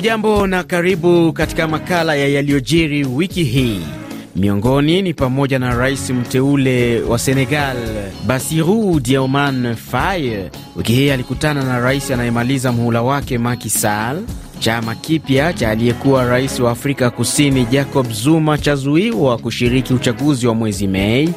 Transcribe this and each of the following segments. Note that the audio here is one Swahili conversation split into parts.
Hujambo na karibu katika makala ya yaliyojiri wiki hii. Miongoni ni pamoja na rais mteule wa Senegal Bassirou Diomaye Faye wiki hii alikutana na rais anayemaliza mhula wake Macky Sall. Chama kipya cha aliyekuwa rais wa Afrika Kusini Jacob Zuma chazuiwa kushiriki uchaguzi wa mwezi Mei,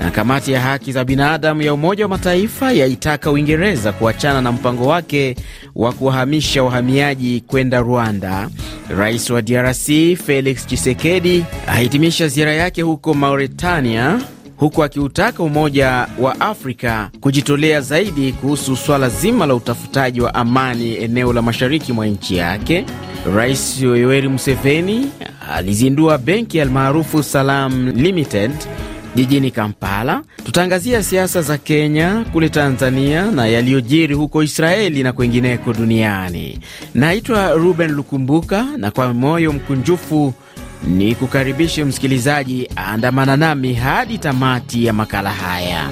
na kamati ya haki za binadamu ya Umoja wa Mataifa yaitaka Uingereza kuachana na mpango wake wa kuwahamisha wahamiaji kwenda Rwanda, rais wa DRC Felix Tshisekedi ahitimisha ziara yake huko Mauritania, huku akiutaka Umoja wa Afrika kujitolea zaidi kuhusu swala zima la utafutaji wa amani eneo la mashariki mwa nchi yake. Rais Yoweri Museveni alizindua benki almaarufu Salam Limited jijini Kampala. Tutaangazia siasa za Kenya, kule Tanzania na yaliyojiri huko Israeli na kwengineko duniani. Naitwa Ruben Lukumbuka na kwa moyo mkunjufu ni kukaribishe msikilizaji aandamana nami hadi tamati ya makala haya.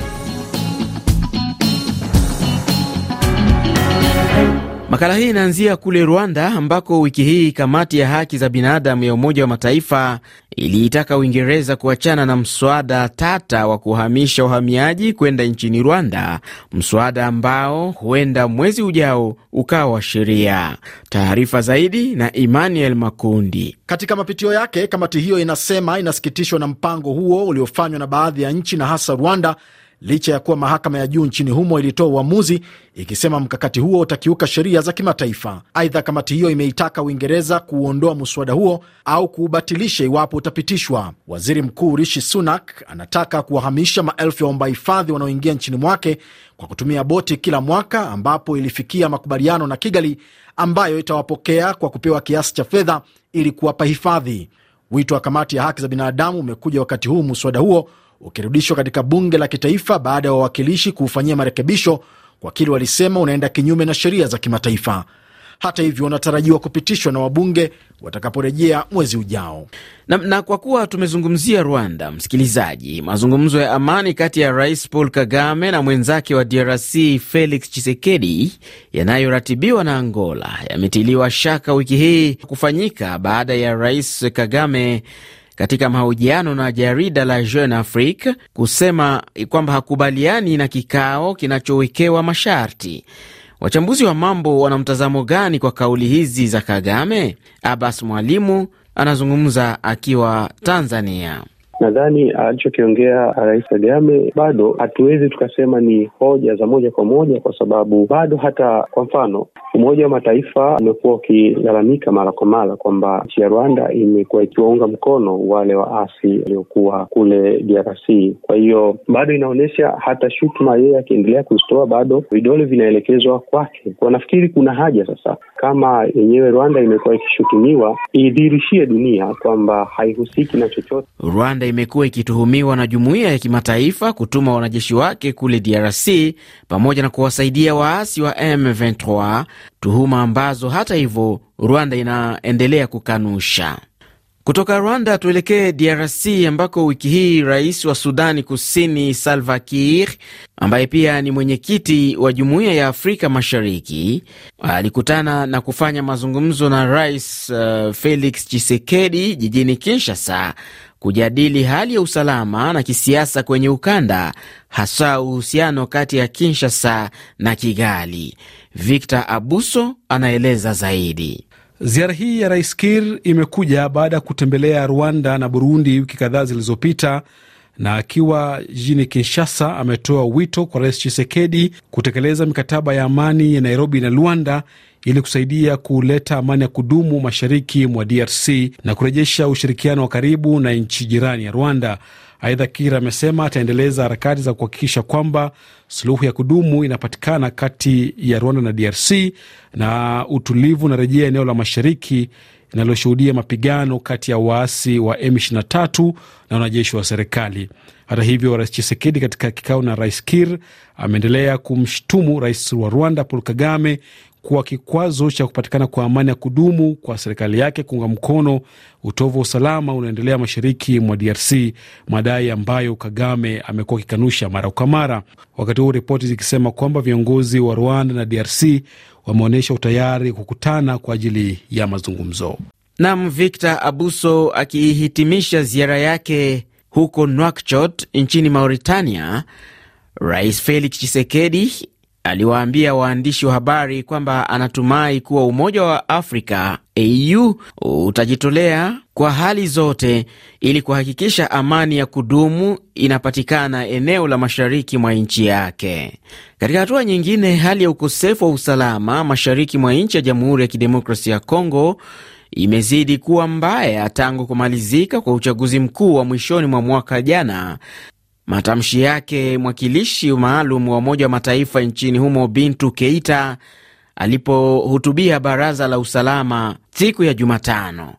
Makala hii inaanzia kule Rwanda ambako wiki hii kamati ya haki za binadamu ya Umoja wa Mataifa iliitaka Uingereza kuachana na mswada tata wa kuhamisha uhamiaji kwenda nchini Rwanda, mswada ambao huenda mwezi ujao ukawa sheria. Taarifa zaidi na Emmanuel Makundi. Katika mapitio yake, kamati hiyo inasema inasikitishwa na mpango huo uliofanywa na baadhi ya nchi na hasa Rwanda licha ya kuwa mahakama ya juu nchini humo ilitoa uamuzi ikisema mkakati huo utakiuka sheria za kimataifa. Aidha, kamati hiyo imeitaka Uingereza kuuondoa muswada huo au kuubatilisha iwapo utapitishwa. Waziri Mkuu Rishi Sunak anataka kuwahamisha maelfu ya waomba hifadhi wanaoingia nchini mwake kwa kutumia boti kila mwaka, ambapo ilifikia makubaliano na Kigali ambayo itawapokea kwa kupewa kiasi cha fedha ili kuwapa hifadhi. Wito wa kamati ya haki za binadamu umekuja wakati huu muswada huo ukirudishwa katika bunge la kitaifa baada ya wawakilishi kuufanyia marekebisho kwa kile walisema unaenda kinyume na sheria za kimataifa. Hata hivyo unatarajiwa kupitishwa na wabunge watakaporejea mwezi ujao. Na, na kwa kuwa tumezungumzia Rwanda, msikilizaji, mazungumzo ya amani kati ya Rais Paul Kagame na mwenzake wa DRC Felix Tshisekedi yanayoratibiwa na Angola yametiliwa shaka wiki hii kufanyika baada ya Rais Kagame katika mahojiano na jarida la Jeune Afrique kusema kwamba hakubaliani na kikao kinachowekewa masharti. Wachambuzi wa mambo wana mtazamo gani kwa kauli hizi za Kagame? Abbas Mwalimu anazungumza akiwa Tanzania. Nadhani alichokiongea Rais Kagame bado hatuwezi tukasema ni hoja za moja kwa moja, kwa sababu bado hata kwa mfano Umoja wa Mataifa umekuwa ukilalamika mara kwa mara kwamba nchi ya Rwanda imekuwa ikiwaunga mkono wale waasi waliokuwa kule DRC. Kwa hiyo bado inaonyesha hata shutuma yeye akiendelea kuzitoa, bado vidole vinaelekezwa kwake. Kwa nafikiri kuna haja sasa kama yenyewe Rwanda imekuwa ikishutumiwa iidhirishie dunia kwamba haihusiki na chochote. Rwanda imekuwa ikituhumiwa na jumuiya ya kimataifa kutuma wanajeshi wake kule DRC pamoja na kuwasaidia waasi wa M23, tuhuma ambazo hata hivyo Rwanda inaendelea kukanusha. Kutoka Rwanda tuelekee DRC ambako wiki hii rais wa Sudani Kusini Salva Kiir, ambaye pia ni mwenyekiti wa Jumuiya ya Afrika Mashariki, alikutana na kufanya mazungumzo na Rais uh, Felix Tshisekedi jijini Kinshasa kujadili hali ya usalama na kisiasa kwenye ukanda, hasa uhusiano kati ya Kinshasa na Kigali. Victor Abuso anaeleza zaidi. Ziara hii ya Rais Kir imekuja baada ya kutembelea Rwanda na Burundi wiki kadhaa zilizopita, na akiwa jijini Kinshasa ametoa wito kwa Rais Chisekedi kutekeleza mikataba ya amani ya Nairobi na Luanda ili kusaidia kuleta amani ya kudumu mashariki mwa DRC na kurejesha ushirikiano wa karibu na nchi jirani ya Rwanda. Aidha, Kir amesema ataendeleza harakati za kuhakikisha kwamba suluhu ya kudumu inapatikana kati ya Rwanda na DRC na utulivu unarejea eneo la mashariki linaloshuhudia mapigano kati ya waasi wa M23 na wanajeshi wa serikali. Hata hivyo, Rais Chisekedi katika kikao na Rais Kir ameendelea kumshutumu rais wa Rwanda Paul Kagame kuwa kikwazo cha kupatikana kwa amani ya kudumu kwa serikali yake kuunga mkono utovu wa usalama unaendelea mashariki mwa DRC, madai ambayo Kagame amekuwa akikanusha mara kwa mara, wakati huu ripoti zikisema kwamba viongozi wa Rwanda na DRC wameonyesha utayari kukutana kwa ajili ya mazungumzo. Nam Victor Abuso akihitimisha ziara yake huko Nouakchott nchini Mauritania, Rais Felix Tshisekedi aliwaambia waandishi wa habari kwamba anatumai kuwa Umoja wa Afrika AU utajitolea kwa hali zote ili kuhakikisha amani ya kudumu inapatikana eneo la mashariki mwa nchi yake. Katika hatua nyingine, hali ya ukosefu wa usalama mashariki mwa nchi ya Jamhuri ya Kidemokrasia ya Kongo imezidi kuwa mbaya tangu kumalizika kwa uchaguzi mkuu wa mwishoni mwa mwaka jana Matamshi yake mwakilishi maalum wa Umoja wa Mataifa nchini humo Bintu Keita alipohutubia Baraza la Usalama siku ya Jumatano.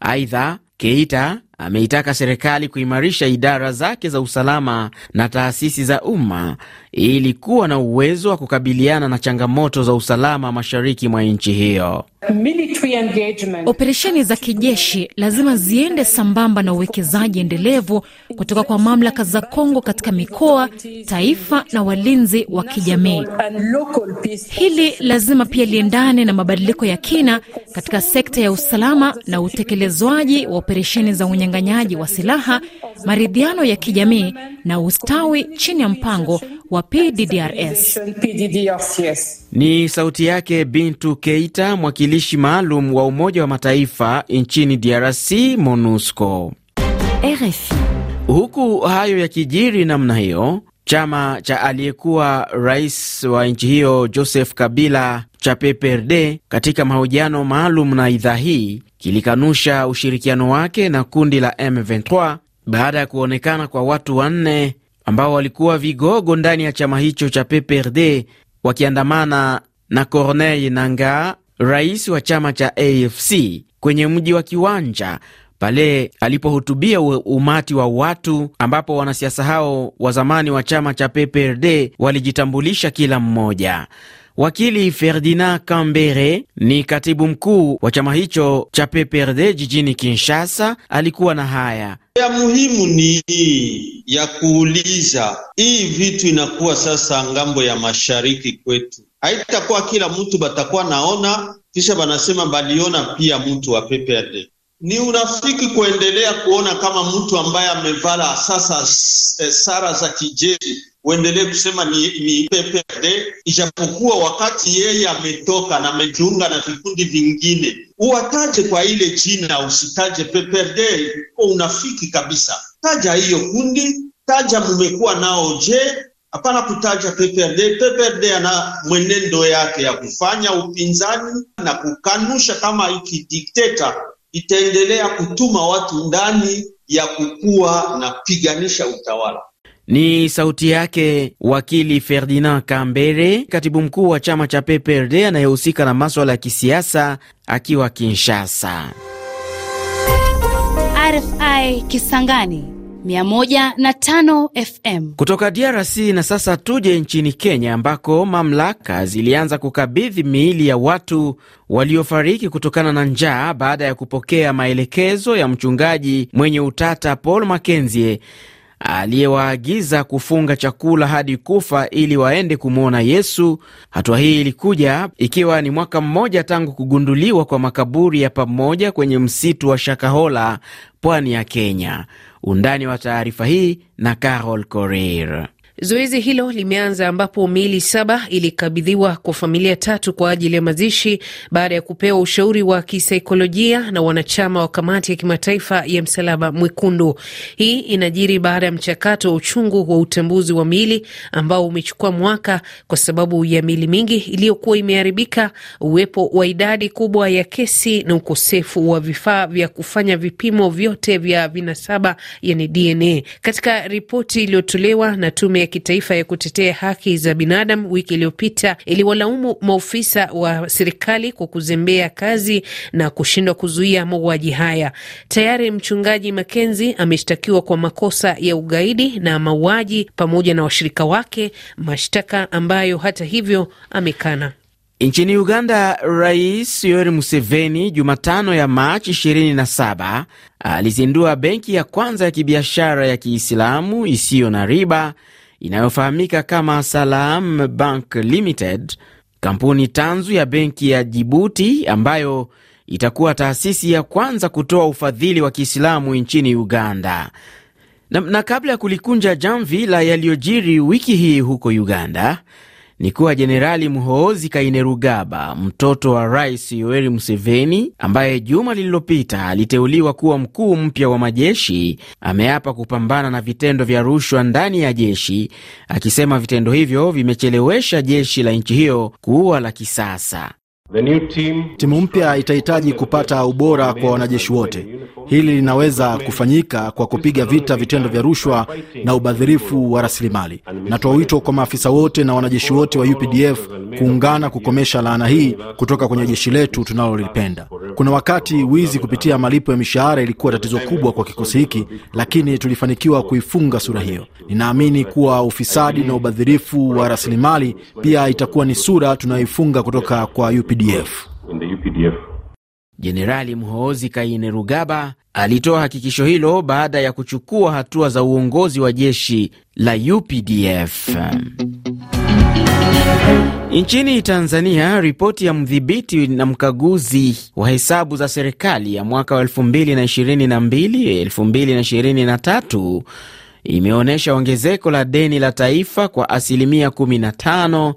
Aidha, Keita ameitaka serikali kuimarisha idara zake za usalama na taasisi za umma ilikuwa na uwezo wa kukabiliana na changamoto za usalama mashariki mwa nchi hiyo. Operesheni za kijeshi lazima ziende sambamba na uwekezaji endelevu kutoka kwa mamlaka za Kongo katika mikoa, taifa na walinzi wa kijamii. Hili lazima pia liendane na mabadiliko ya kina katika sekta ya usalama na utekelezwaji wa operesheni za unyang'anyaji wa silaha maridhiano ya kijamii na ustawi chini ya mpango wa PDDRS. Ni sauti yake Bintu Keita, mwakilishi maalum wa Umoja wa Mataifa nchini DRC, MONUSCO. RFI. Huku hayo yakijiri namna hiyo, chama cha aliyekuwa rais wa nchi hiyo Joseph Kabila cha PPRD katika mahojiano maalum na idhaa hii kilikanusha ushirikiano wake na kundi la M23 baada ya kuonekana kwa watu wanne ambao walikuwa vigogo ndani ya chama hicho cha PPRD wakiandamana na Corneille nanga rais wa chama cha AFC kwenye mji wa Kiwanja pale alipohutubia umati wa watu ambapo wanasiasa hao wa zamani wa chama cha PPRD walijitambulisha kila mmoja. Wakili Ferdinand Kambere ni katibu mkuu wa chama hicho cha PPRD jijini Kinshasa, alikuwa na haya ya muhimu ni hii ya kuuliza, hii vitu inakuwa sasa ngambo ya mashariki kwetu, haitakuwa kila mtu batakuwa naona, kisha banasema baliona pia mtu wa PPRD. Ni unafiki kuendelea kuona kama mtu ambaye amevala sasa eh, sara za kijeshi uendelee kusema ni, ni PPRD ijapokuwa wakati yeye ametoka na amejiunga na vikundi vingine, uwataje kwa ile jina, usitaje PPRD. Kwa unafiki kabisa, taja hiyo kundi, taja mmekuwa nao. Je, hapana kutaja PPRD. PPRD ana mwenendo yake ya kufanya upinzani na kukanusha kama iki dikteta itaendelea kutuma watu ndani ya kukua na piganisha utawala. Ni sauti yake wakili Ferdinand Kambere, katibu mkuu wa chama cha PPRD anayehusika na maswala ya kisiasa akiwa Kinshasa. RFI Kisangani 105 FM kutoka DRC. Na sasa tuje nchini Kenya ambako mamlaka zilianza kukabidhi miili ya watu waliofariki kutokana na njaa baada ya kupokea maelekezo ya mchungaji mwenye utata Paul Makenzie aliyewaagiza kufunga chakula hadi kufa ili waende kumwona Yesu. Hatua hii ilikuja ikiwa ni mwaka mmoja tangu kugunduliwa kwa makaburi ya pamoja kwenye msitu wa Shakahola, pwani ya Kenya. Undani wa taarifa hii na Carol corer Zoezi hilo limeanza ambapo miili saba ilikabidhiwa kwa familia tatu kwa ajili ya mazishi baada ya kupewa ushauri wa kisaikolojia na wanachama wa kamati ya kimataifa ya msalaba mwekundu. Hii inajiri baada ya mchakato wa uchungu wa utambuzi wa miili ambao umechukua mwaka kwa sababu ya miili mingi iliyokuwa imeharibika, uwepo wa idadi kubwa ya kesi na ukosefu wa vifaa vya kufanya vipimo vyote vya vinasaba, yani DNA. Katika ripoti iliyotolewa na tume kitaifa ya kutetea haki za binadamu wiki iliyopita iliwalaumu maofisa wa serikali kwa kuzembea kazi na kushindwa kuzuia mauaji haya. Tayari mchungaji Makenzi ameshtakiwa kwa makosa ya ugaidi na mauaji pamoja na washirika wake, mashtaka ambayo hata hivyo amekana. Nchini Uganda, Rais Yoweri Museveni Jumatano ya Machi 27 alizindua benki ya kwanza ya kibiashara ya Kiislamu isiyo na riba inayofahamika kama Salam Bank Limited, kampuni tanzu ya benki ya Jibuti ambayo itakuwa taasisi ya kwanza kutoa ufadhili wa Kiislamu nchini Uganda. Na, na kabla ya kulikunja jamvi la yaliyojiri wiki hii huko Uganda ni kuwa Jenerali Muhoozi Kainerugaba, mtoto wa Rais Yoweri Museveni, ambaye juma lililopita aliteuliwa kuwa mkuu mpya wa majeshi, ameapa kupambana na vitendo vya rushwa ndani ya jeshi, akisema vitendo hivyo vimechelewesha jeshi la nchi hiyo kuwa la kisasa. Timu mpya itahitaji kupata ubora kwa wanajeshi wote. Hili linaweza kufanyika kwa kupiga vita vitendo vya rushwa na ubadhirifu wa rasilimali. Natoa wito kwa maafisa wote na wanajeshi wote wa UPDF kuungana kukomesha laana hii kutoka kwenye jeshi letu tunalolipenda. Kuna wakati wizi kupitia malipo ya mishahara ilikuwa tatizo kubwa kwa kikosi hiki, lakini tulifanikiwa kuifunga sura hiyo. Ninaamini kuwa ufisadi na ubadhirifu wa rasilimali pia itakuwa ni sura tunayoifunga kutoka kwa UPDF. Jenerali kaine Kainerugaba alitoa hakikisho hilo baada ya kuchukua hatua za uongozi wa jeshi la UPDF. Nchini Tanzania, ripoti ya mdhibiti na mkaguzi wa hesabu za serikali ya mwaka wa 2022 2023 imeonyesha ongezeko la deni la taifa kwa asilimia 15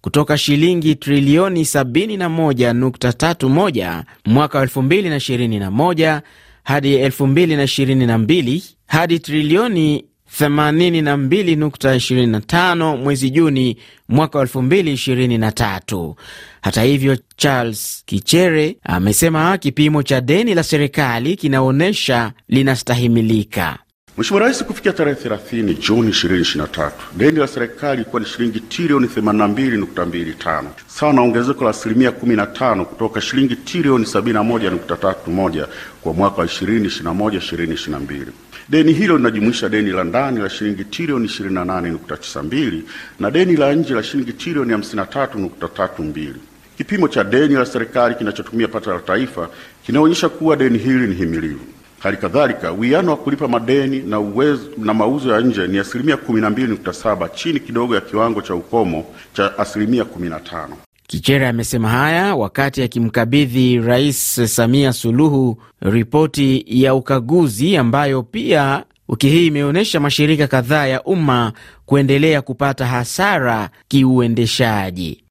kutoka shilingi trilioni 71.31 mwaka 2021 hadi 2022 hadi trilioni 82.25 mwezi Juni mwaka 2023. Hata hivyo, Charles Kichere amesema kipimo cha deni la serikali kinaonyesha linastahimilika. Mheshimiwa Rais, kufikia tarehe 30 Juni 2023 deni la serikali ilikuwa ni shilingi trilioni 82.25 sawa na ongezeko la asilimia 15 kutoka shilingi trilioni 71.31 kwa mwaka wa 2021 2022. Deni hilo linajumuisha deni la ndani la shilingi trilioni 28.92 na deni la nje la shilingi trilioni 53.32. Kipimo cha deni la serikali kinachotumia pato la taifa kinaonyesha kuwa deni hili ni himilivu. Hali kadhalika wiano wa kulipa madeni na, uwezo, na mauzo ya nje ni asilimia 12.7 chini kidogo ya kiwango cha ukomo cha asilimia 15 kichera amesema haya wakati akimkabidhi Rais Samia Suluhu ripoti ya ukaguzi ambayo pia wiki hii imeonyesha mashirika kadhaa ya umma kuendelea kupata hasara kiuendeshaji.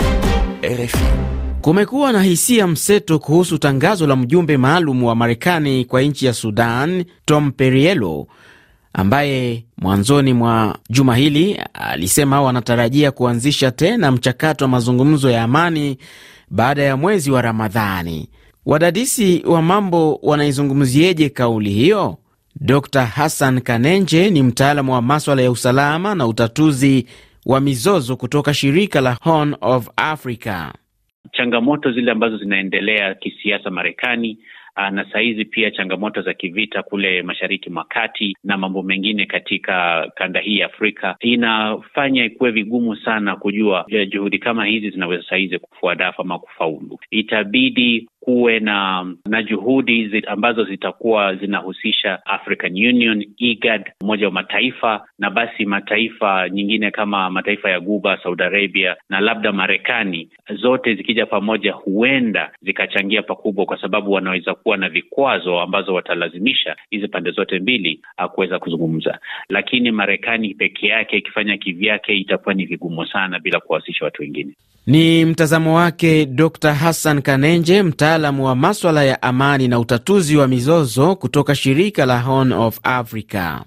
Kumekuwa na hisia mseto kuhusu tangazo la mjumbe maalum wa Marekani kwa nchi ya Sudan, Tom Perriello, ambaye mwanzoni mwa juma hili alisema wanatarajia kuanzisha tena mchakato wa mazungumzo ya amani baada ya mwezi wa Ramadhani. Wadadisi wa mambo wanaizungumzieje kauli hiyo? Dr Hassan Kanenje ni mtaalamu wa maswala ya usalama na utatuzi wa mizozo kutoka shirika la Horn of Africa. Changamoto zile ambazo zinaendelea kisiasa Marekani Ah, na sahizi pia changamoto za kivita kule mashariki mwa kati na mambo mengine katika kanda hii ya Afrika inafanya ikuwe vigumu sana kujua eh, juhudi kama hizi zinaweza sahizi kufua dafu ama kufaulu. Itabidi kuwe na na juhudi zi, ambazo zitakuwa zinahusisha African Union, IGAD, Umoja wa Mataifa na basi mataifa nyingine kama mataifa ya Guba, Saudi Arabia na labda Marekani, zote zikija pamoja, huenda zikachangia pakubwa, kwa sababu wanaweza kuwa na vikwazo ambazo watalazimisha hizi pande zote mbili ah, kuweza kuzungumza, lakini Marekani peke yake ikifanya kivyake itakuwa ni vigumu sana bila kuwahusisha watu wengine. Ni mtazamo wake Dr Hassan Kanenje, mtaalamu wa maswala ya amani na utatuzi wa mizozo kutoka shirika la Horn of Africa.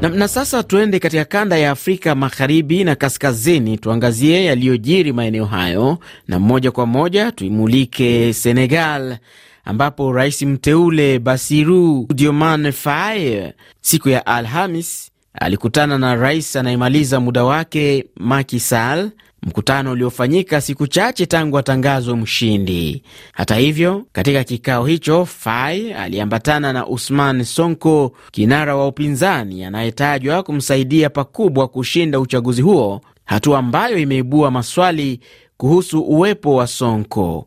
Na, na sasa tuende katika kanda ya Afrika magharibi na kaskazini, tuangazie yaliyojiri maeneo hayo, na moja kwa moja tuimulike Senegal ambapo rais mteule Bassirou Diomaye Faye siku ya Alhamis alikutana na rais anayemaliza muda wake Macky Sall, mkutano uliofanyika siku chache tangu atangazwe mshindi. Hata hivyo, katika kikao hicho Fai aliambatana na Usman Sonko, kinara wa upinzani anayetajwa kumsaidia pakubwa kushinda uchaguzi huo, hatua ambayo imeibua maswali kuhusu uwepo wa Sonko.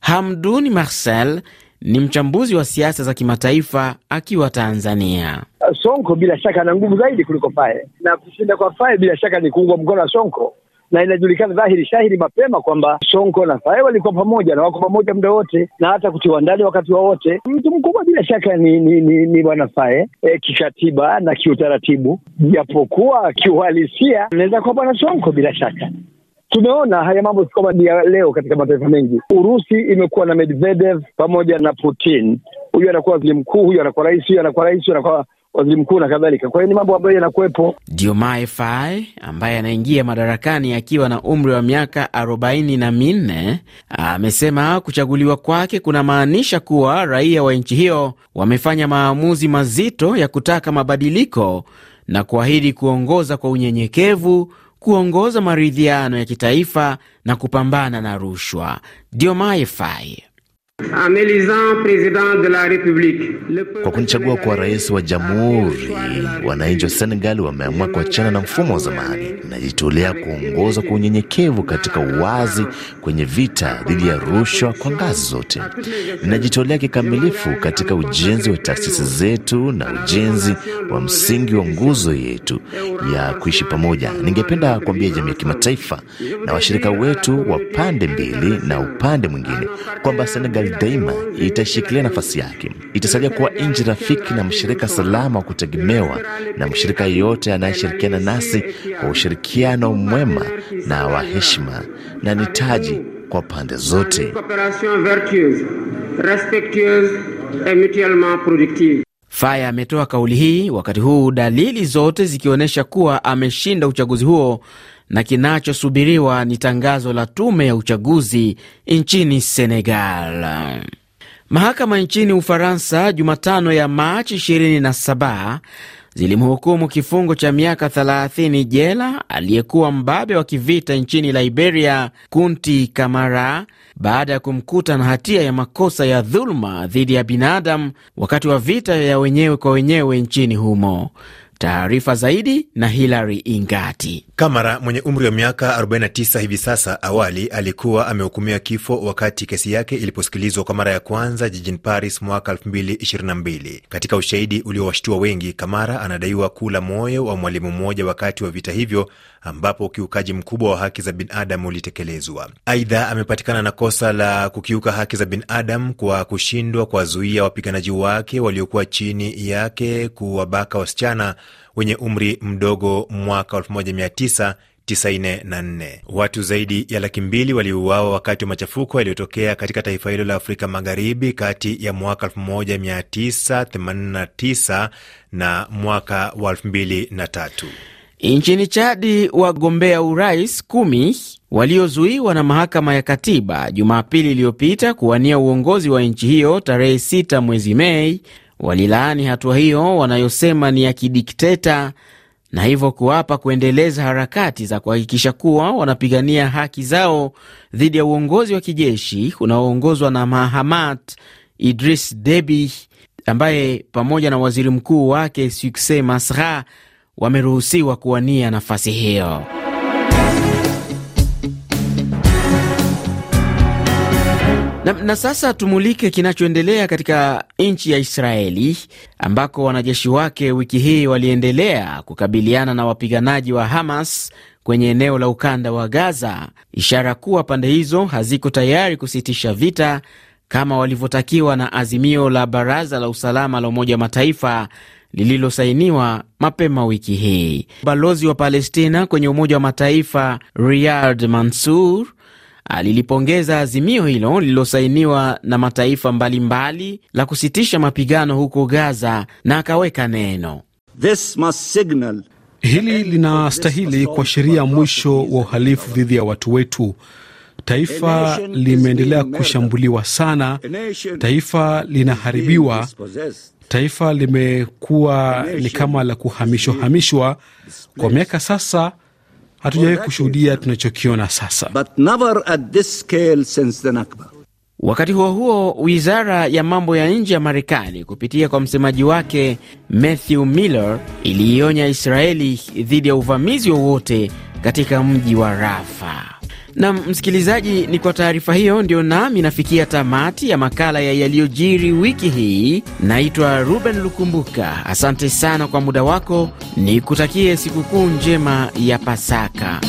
Hamduni Marcel ni mchambuzi wa siasa za kimataifa akiwa Tanzania. Sonko bila shaka ana nguvu zaidi kuliko Fae, na kushinda kwa Fae bila shaka ni kuungwa mkono wa Sonko, na inajulikana dhahiri shahiri mapema kwamba Sonko na Fae walikuwa pamoja na wako pamoja muda wote na hata kutiwa ndani wakati wowote. Mtu mkubwa bila shaka ni ni, ni, ni bwana Fae e, eh, kikatiba na kiutaratibu, japokuwa kiuhalisia anaweza kuwa bwana Sonko bila shaka. Tumeona haya mambo si ni ya leo. Katika mataifa mengi, Urusi imekuwa na Medvedev pamoja na Putin, huyu anakuwa waziri mkuu, huyu anakuwa rais, huyu anakuwa rais, huyu anakuwa waziri mkuu na kadhalika. Kwa hiyo ni mambo ambayo yanakuwepo. Diomaye Faye ambaye anaingia madarakani akiwa na umri wa miaka arobaini na minne amesema kuchaguliwa kwake kunamaanisha kuwa raia wa nchi hiyo wamefanya maamuzi mazito ya kutaka mabadiliko na kuahidi kuongoza kwa unyenyekevu kuongoza maridhiano ya kitaifa na kupambana na rushwa. Diomaye Faye kwa kunichagua kwa rais wa jamhuri, wananchi wa Senegal wameamua kuachana na mfumo wa zamani. Najitolea kuongoza kwa unyenyekevu katika uwazi kwenye vita dhidi ya rushwa kwa ngazi zote. Ninajitolea kikamilifu katika ujenzi wa taasisi zetu na ujenzi wa msingi wa nguzo yetu ya kuishi pamoja. Ningependa kuambia jamii ya kimataifa na washirika wetu wa pande mbili na upande mwingine kwamba Senegal daima itashikilia nafasi yake, itasaidia kuwa nchi rafiki na mshirika salama wa kutegemewa na mshirika yeyote anayeshirikiana nasi kwa ushirikiano mwema na wa heshima, na ni taji kwa pande zote. Faya ametoa kauli hii wakati huu dalili zote zikionyesha kuwa ameshinda uchaguzi huo na kinachosubiriwa ni tangazo la tume ya uchaguzi nchini Senegal. Mahakama nchini Ufaransa Jumatano ya Machi 27 zilimhukumu kifungo cha miaka 30 jela aliyekuwa mbabe wa kivita nchini Liberia Kunti Kamara baada ya kumkuta na hatia ya makosa ya dhuluma dhidi ya binadamu wakati wa vita ya wenyewe kwa wenyewe nchini humo. Taarifa zaidi na Hilary Ingati. Kamara mwenye umri wa miaka 49 hivi sasa, awali alikuwa amehukumiwa kifo wakati kesi yake iliposikilizwa kwa mara ya kwanza jijini Paris mwaka 2022. Katika ushahidi uliowashtua wengi, Kamara anadaiwa kula moyo wa mwalimu mmoja wakati wa vita hivyo, ambapo ukiukaji mkubwa wa haki za binadamu ulitekelezwa. Aidha, amepatikana na kosa la kukiuka haki za binadamu kwa kushindwa kuwazuia wapiganaji wake waliokuwa chini yake kuwabaka wasichana wenye umri mdogo mwaka 1994. Watu zaidi ya laki mbili waliuawa wakati wa machafuko yaliyotokea katika taifa hilo la Afrika Magharibi kati ya mwaka 1989 na mwaka wa 2003. Nchini Chadi, wagombea urais kumi waliozuiwa na mahakama ya katiba Jumapili iliyopita kuwania uongozi wa nchi hiyo tarehe 6 mwezi Mei walilaani hatua hiyo wanayosema ni ya kidikteta na hivyo kuapa kuendeleza harakati za kuhakikisha kuwa wanapigania haki zao dhidi ya uongozi wa kijeshi unaoongozwa na Mahamat Idris Deby ambaye pamoja na waziri mkuu wake Sukse Masra wameruhusiwa kuwania nafasi hiyo. Na, na sasa tumulike kinachoendelea katika nchi ya Israeli ambako wanajeshi wake wiki hii waliendelea kukabiliana na wapiganaji wa Hamas kwenye eneo la ukanda wa Gaza, ishara kuwa pande hizo haziko tayari kusitisha vita kama walivyotakiwa na azimio la Baraza la Usalama la Umoja wa Mataifa lililosainiwa mapema wiki hii. Balozi wa Palestina kwenye Umoja wa Mataifa Riyad Mansour alilipongeza azimio hilo lililosainiwa na mataifa mbalimbali mbali, la kusitisha mapigano huko Gaza na akaweka neno This must signal... hili linastahili kuashiria mwisho wa uhalifu dhidi ya watu wetu. Taifa limeendelea kushambuliwa sana, taifa linaharibiwa, taifa limekuwa ni kama la kuhamishwa hamishwa kwa miaka sasa hatujawahi kushuhudia tunachokiona sasa. But never at this scale since the Nakba. Wakati huo huo, wizara ya mambo ya nje ya Marekani kupitia kwa msemaji wake Matthew Miller iliionya Israeli dhidi ya uvamizi wowote katika mji wa Rafa. Nam msikilizaji, ni kwa taarifa hiyo ndio nami nafikia tamati ya makala ya yaliyojiri wiki hii. Naitwa Ruben Lukumbuka, asante sana kwa muda wako, nikutakie sikukuu njema ya Pasaka.